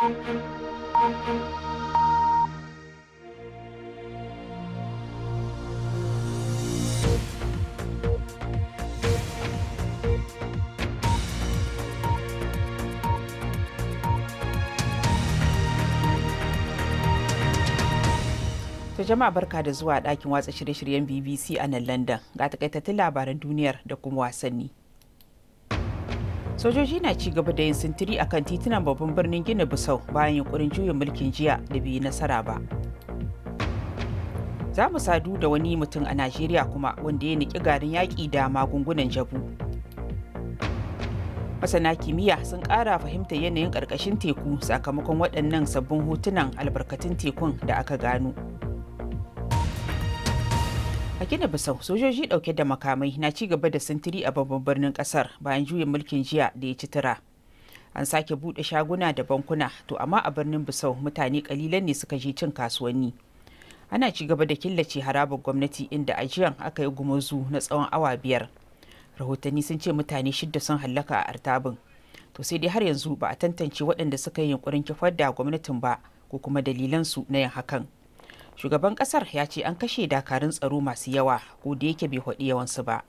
ta jama'a barka da zuwa ɗakin watsa shirye-shiryen BBC a nan London ga takaitattun labaran duniyar da kuma wasanni. sojoji na ci gaba da yin sintiri a kan titunan babban birnin gina bisau bayan yunkurin juyin mulkin jiya da biyu nasara ba za mu sadu da wani mutum a najeriya kuma wanda ya niki garin yaƙi da magungunan jabu masana kimiyya sun ƙara fahimtar yanayin ƙarƙashin teku sakamakon waɗannan sabbin hotunan albarkatun tekun da aka gano a gina bisau sojoji dauke da makamai na ci gaba da sintiri a babban birnin kasar bayan juyin mulkin jiya da ya ci tura an sake bude shaguna da bankuna to amma a birnin bisau mutane kalilan ne suka je cin kasuwanni ana ci gaba da killace harabar gwamnati inda ajiyan aka yi gumuzu na tsawon awa biyar rahotanni sun ce mutane shidda sun hallaka a artabin to sai dai har yanzu ba a tantance waɗanda suka yi yunkurin kifar da gwamnatin ba ko kuma dalilan su na yin hakan shugaban kasar ya ce an kashe dakarun tsaro masu yawa ko da yake bai haɗi yawansu ba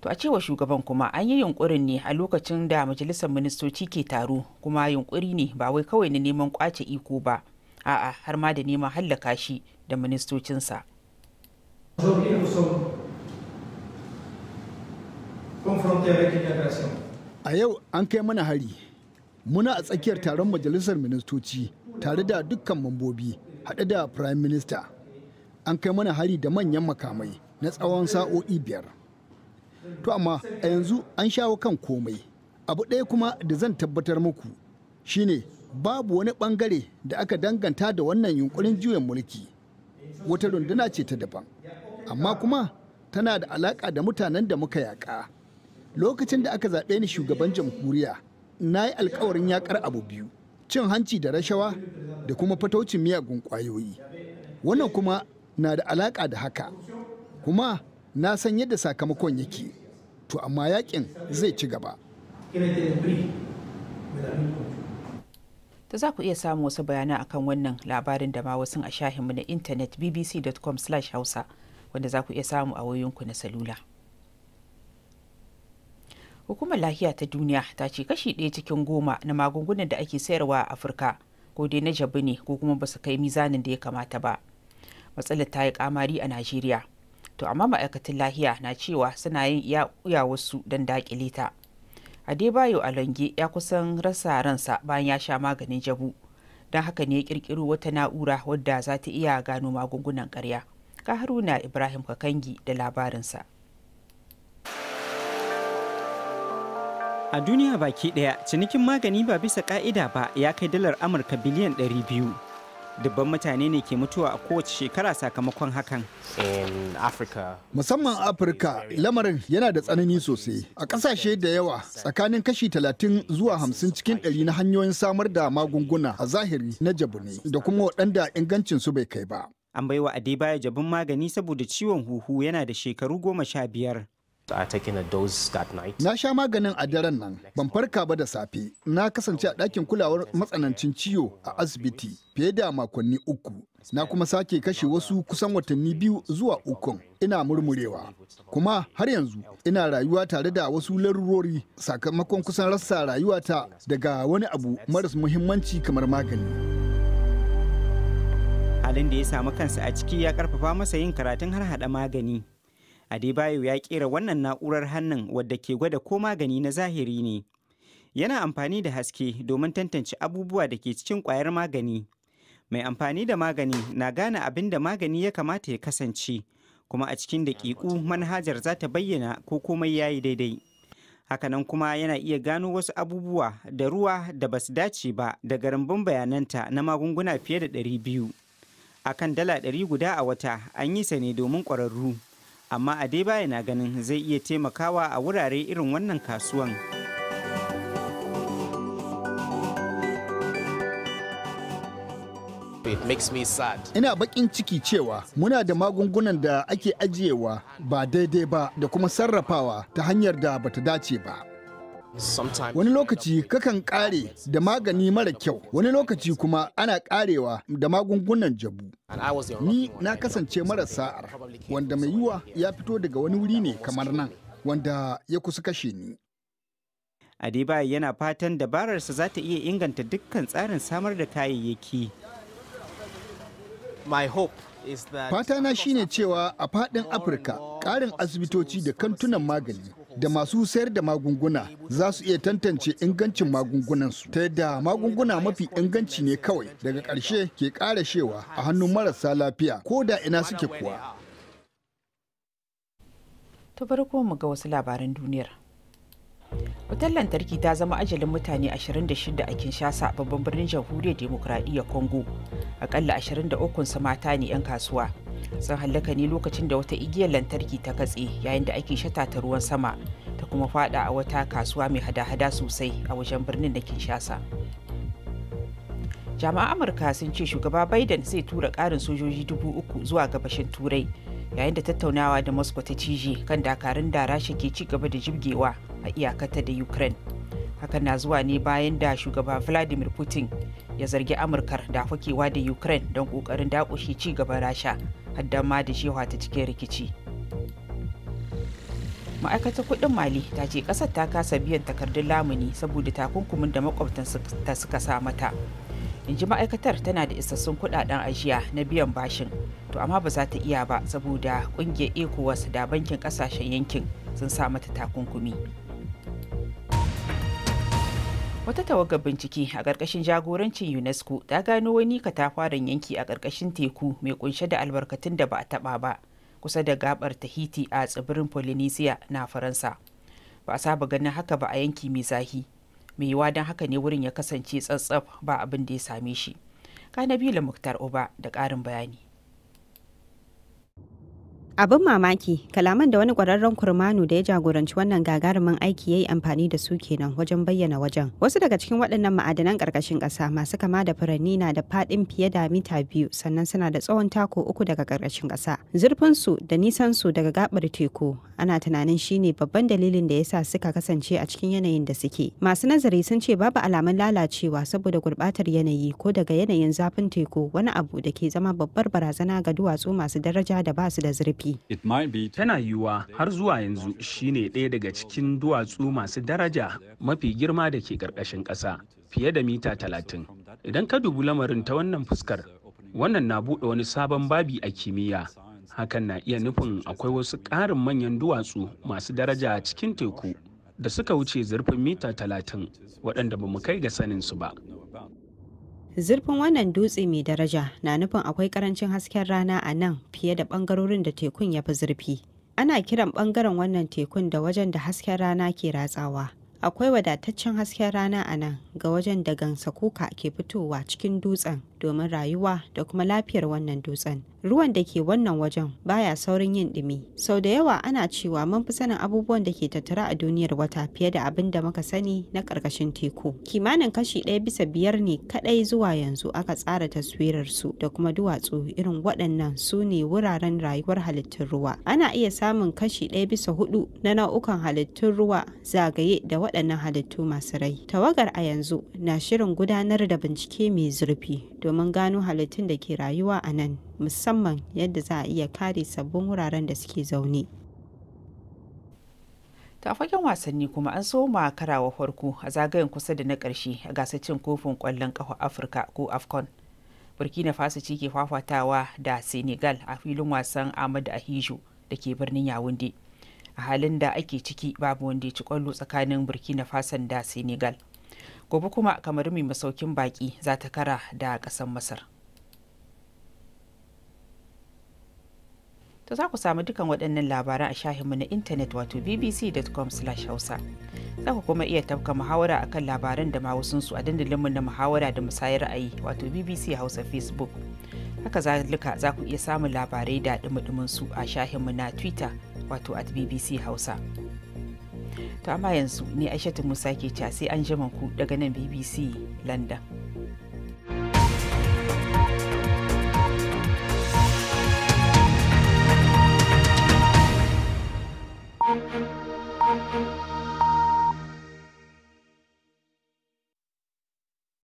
to a cewa shugaban kuma an yi yunkurin ne a lokacin da majalisar ministoci ke taro kuma yunkuri ne ba wai kawai na neman kwace iko ba a'a har ma da neman hallaka shi da ministocinsa a yau an kai mana hari muna a tsakiyar taron majalisar ministoci tare da dukkan mambobi haɗe da prime minister an kai mana hari da manyan makamai na tsawon sa'o'i biyar to amma a yanzu an shawo kan komai abu ɗaya kuma da zan tabbatar muku shine babu wani ɓangare da aka danganta da wannan yunkurin juyin mulki wata runduna ce ta daban amma kuma tana da alaƙa da mutanen da muka yaƙa lokacin da aka zaɓe ni shugaban jamhuriya na yi alkawarin yaƙar abu biyu cin hanci da rashawa da kuma fataucin miyagun kwayoyi wannan kuma na da alaƙa da haka kuma na san yadda sakamakon yake to amma yakin zai ci gaba ta za ku iya samun wasu bayanan akan wannan labarin da ma wasu a shahinmu na intanet bbc.com/hausa wanda za ku iya samu a wayoyinku na salula. hukumar lafiya ta duniya ta ce kashi ɗaya cikin goma na magungunan da ake sayarwa a afirka ko dai na jabi ne ko kuma ba su kai mizanin da ya kamata ba matsalar ta yi kamari a najeriya to amma ma'aikatan lahiya na cewa suna yin iya wasu don dakile ta adebayo alange ya kusan rasa ransa bayan ya sha maganin jabu don haka ne ya kirkiro wata na'ura wadda za ta iya gano magungunan karya ka haruna ibrahim kakangi da labarinsa A duniya baki ɗaya cinikin magani ba bisa ƙa'ida ba ya kai dalar Amurka biliyan 200. dubban mutane ne ke mutuwa a kowace shekara sakamakon hakan. Musamman Afirka lamarin yana da tsanani sosai. A ƙasashe da yawa tsakanin kashi 30 zuwa 50 cikin 100 na hanyoyin samar da magunguna a zahiri na jabu ne da kuma waɗanda ingancin su bai kai ba. An baiwa Adebayo jabin magani saboda ciwon huhu yana da shekaru goma sha biyar. Uh, na sha maganin a daren nan, ban farka ba da safe, na kasance a ɗakin kulawar matsanancin ciwo a asibiti fiye da makonni uku. Na kuma sake kashe wasu kusan watanni biyu zuwa ukun ina murmurewa. Kuma har yanzu ina rayuwa tare da wasu larurori sakamakon kusan rasa rayuwata daga wani abu maras muhimmanci kamar magani. halin da ya samu kansa a ciki ya karfafa masa yin karatun har hada magani Adebayo ya kera wannan na'urar hannun wadda ke gwada ko magani na zahiri ne. Yana amfani da haske domin tantance abubuwa da ke cikin kwayar magani. Mai amfani da magani na gane abin da magani ya kamata ya kasance, kuma a cikin daƙiƙu manhajar za ta bayyana ko komai ya yi daidai. Hakanan kuma yana iya gano wasu abubuwa da ruwa da ba su dace ba da garambun bayananta na magunguna fiye da 200. A kan dala ɗari guda a wata an yi sa ne domin ƙwararru. amma Adebayo na ganin zai iya taimakawa a wurare irin wannan kasuwan. Ina bakin ciki cewa muna da magungunan da ake ajiyewa ba daidai ba da kuma sarrafawa ta hanyar da bata dace ba. Wani lokaci kakan kare da magani mara kyau, wani lokaci kuma ana ƙarewa da magungunan jabu. Ni na kasance mara sa'ar, wanda mai yiwa ya fito daga wani wuri ne kamar nan, wanda ya kusa kashe ni. Adebayo yana fatan dabararsa za ta iya inganta dukkan tsarin samar da kayayyaki. My na Fatana shine cewa a faɗin Afirka ƙarin asibitoci da kantunan magani da masu sayar da magunguna za su iya tantance ingancin magungunansu ta yadda magunguna mafi inganci ne kawai daga ƙarshe ke ƙara shewa a hannun marasa lafiya ko da ina suke kuwa. Ta farko mu ga wasu labaran duniyar. Wutar lantarki ta zama ajalin mutane 26 a Kinshasa babban birnin jamhuriyar demokuraɗiyyar Congo. Akalla 23 su mata ne 'yan kasuwa. sun hallaka ne lokacin da wata igiyar lantarki ta katse yayin da ake shata ta ruwan sama ta kuma fada a wata kasuwa mai hada-hada sosai a wajen birnin da kinshasa jami'an amurka sun ce shugaba biden zai tura karin sojoji dubu uku zuwa gabashin turai yayin da tattaunawa da moscow ta cije kan dakarun da rasha ke ci gaba da jibgewa a iyakata da ukraine dakatar na zuwa ne bayan da shugaba vladimir putin ya zargi amurkar da fakewa da ukraine don kokarin dakushe ci gaban rasha hadda ma da shewa ta cikin rikici ma'aikatar kudin mali ta ce kasar ta kasa biyan takardun lamuni saboda takunkumin da makwabtanta suka sa mata in ji ma'aikatar tana da isassun kudaden ajiya na biyan bashin to amma ba za ta iya ba saboda kungiyar ecowas da bankin kasashen yankin sun sa mata takunkumi wata tawagar bincike a ƙarƙashin jagorancin unesco ta gano wani katafaren yanki a ƙarƙashin teku mai kunshe da albarkatun da ba a taɓa ba kusa da gabar tahiti a tsibirin polynesia na faransa ba a saba ganin haka ba a yanki mai zahi mai yiwa don haka ne wurin ya kasance tsatsaf ba abin da ya same shi kanabila muktar oba da ƙarin bayani abin mamaki kalaman da wani kwararren kurmanu da ya jagoranci wannan gagarumin aiki ya yi amfani da su kenan wajen bayyana wajen wasu daga cikin waɗannan ma'adanan ƙarƙashin ƙasa masu kama da furanni na da faɗin fiye da mita biyu sannan suna da tsawon tako uku daga ƙarƙashin ƙasa zurfin su da nisan su daga gaɓar teku ana tunanin shine babban dalilin da yasa suka kasance a cikin yanayin da suke masu nazari sun ce babu alamun lalacewa saboda gurɓatar yanayi ko daga yanayin zafin teku wani abu da ke zama babbar barazana ga duwatsu masu daraja da ba su da zurfi ciki. Tana yiwuwa har zuwa yanzu shine ɗaya daga cikin duwatsu masu daraja mafi girma da ke ƙarƙashin ƙasa fiye da mita talatin. Idan ka dubi lamarin ta wannan fuskar, wannan na buɗe wani sabon babi a kimiyya. Hakan na iya nufin akwai wasu ƙarin manyan duwatsu masu daraja a cikin teku da suka wuce zurfin mita talatin waɗanda ba mu kai ga saninsu ba. Zurfin wannan dutse mai daraja na nufin akwai karancin hasken rana a nan fiye da bangarorin da tekun ya fi zurfi. Ana kiran bangaren wannan tekun da wajen da hasken rana ke ratsawa. Akwai wadataccen hasken rana a nan ga wajen da gansakuka ke fitowa cikin dutsen domin rayuwa da kuma lafiyar wannan dutsen ruwan da ke wannan wajen baya saurin yin ɗumi sau da yawa ana cewa mun fi sanin abubuwan da ke tattara a duniyar wata fiye da abin da muka sani na karkashin teku kimanin kashi ɗaya bisa biyar ne kaɗai zuwa yanzu aka tsara taswirar su da kuma duwatsu irin waɗannan su ne wuraren rayuwar halittun ruwa ana iya samun kashi ɗaya bisa hudu na nau'ukan halittun ruwa zagaye da waɗannan halittu masu rai tawagar a yanzu na shirin gudanar da bincike mai zurfi domin domin gano halittun da ke rayuwa a nan musamman yadda za a iya kare sabbin wuraren da suke zaune. ta fagen wasanni kuma an soma karawa farko a zagayen kusa da na ƙarshe a gasar cin kofin kwallon ƙafa afirka ko afcon burkina faso ce ke fafatawa da senegal a filin wasan ahmadu ahijo da ke birnin yawunde a halin da ake ciki babu wanda ya ci kwallo tsakanin burkina faso da senegal gobe kuma kamar mai masaukin baki za ta kara da ƙasar masar to za ku samu dukan waɗannan labaran a shahinmu na intanet wato bbc.com hausa za ku kuma iya tafka muhawara akan labaran da ma a dandalinmu na muhawara da musayar ra'ayi wato bbc hausa facebook haka zalika za ku iya samun labarai da dumi su a shahinmu na twitter wato at bbc hausa ta amma yanzu ne Aishatu Musa ke ca sai an ku daga nan BBC London.